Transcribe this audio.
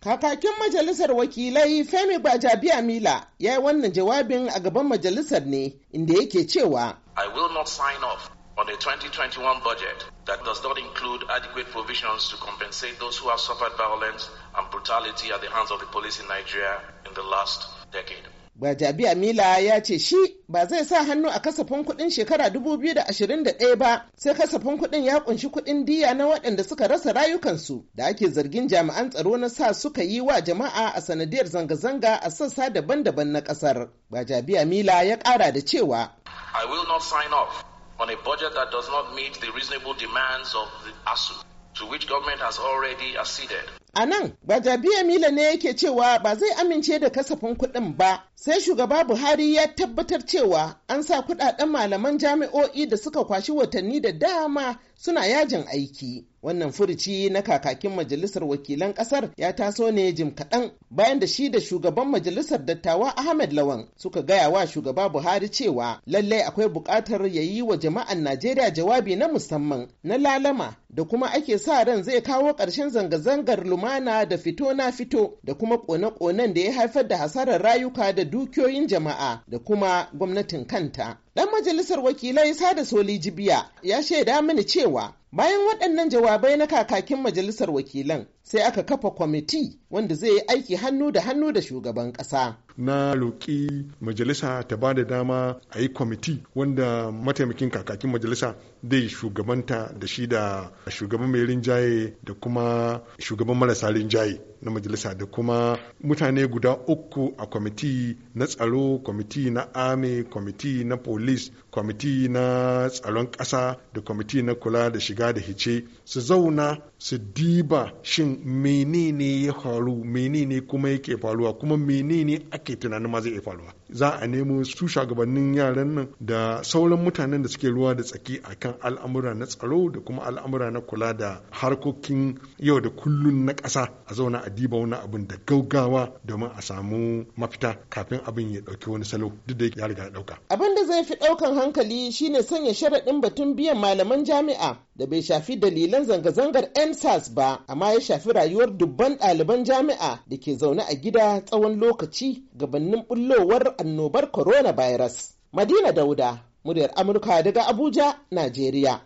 Kakakin majalisar wakilai Femi ya yi wannan jawabin a gaban majalisar ne inda yake cewa I will not sign off on a 2021 budget that does not include adequate provisions to compensate those who have suffered violence and brutality at the hands of the police in Nigeria in the last decade. Gwajabi Amila ya ce shi ba zai sa hannu a kasafin kuɗin shekara 2021 ba sai kasafin kuɗin ya kunshi kuɗin diya na waɗanda suka rasa rayukansu da ake zargin jami'an tsaro na sa suka yi wa jama'a a sanadiyar zanga-zanga a sassa daban-daban na ƙasar. Gwajabi Amila ya ƙara da cewa. I will not sign off on a budget that does not meet the reasonable demands of the ASU. to which government has already acceded. A nan, ba jabiya Mila ne yake cewa ba zai amince da kasafin kuɗin ba, sai shugaba Buhari ya tabbatar cewa an sa kuɗaɗen malaman jami'o'i da suka kwashi watanni da dama suna yajin aiki. Wannan furuci na kakakin majalisar wakilan ƙasar ya taso ne jim kaɗan bayan da shi da shugaban majalisar dattawa Ahmed Lawan suka gaya wa shugaba Buhari cewa lallai akwai buƙatar ya yi wa jama'an Najeriya jawabi na musamman na lalama da kuma ake sa ran zai kawo ƙarshen zanga-zangar lumana da fito na fito da kuma kone-konen da ya haifar da hasarar rayuka da dukiyoyin jama'a da kuma gwamnatin kanta. Dan majalisar wakilai Sada Soli Jibiya ya shaida mini cewa bayan waɗannan jawabai na kakakin majalisar wakilan sai aka kafa kwamiti wanda zai yi aiki hannu da hannu da shugaban ƙasa. Na roƙi majalisa ta ba da dama a yi kwamiti wanda mataimakin kakakin majalisa zai shugabanta da shi da shugaban mai rinjaye da kuma shugaban marasa rinjaye. na majalisa da kuma mutane guda uku a kwamiti na tsaro kwamiti na ame kwamiti na polis kwamiti na tsaron ƙasa da kwamiti na kula da shiga da hice su zauna su diba shin menene ya faru menene kuma yake faruwa kuma menene ake tunanin ma zai iya faruwa za a nemo su shugabannin yaran nan da sauran mutanen da suke ruwa da tsaki a kan al'amura na tsaro da kuma al'amura na kula da harkokin yau da kullun na ƙasa a zauna a diba wani abin da gaugawa domin a samu mafita kafin abin ya ɗauki wani salo duk da ya riga ya ɗauka. Abin da zai fi ɗaukan hankali shine sanya sharaɗin batun biyan malaman jami'a da bai shafi dalilan zanga-zangar NSAS ba amma ya shafi rayuwar dubban ɗaliban jami'a da ke zaune a gida tsawon lokaci gabanin bullowar annobar coronavirus madina dauda muryar amurka daga abuja najeriya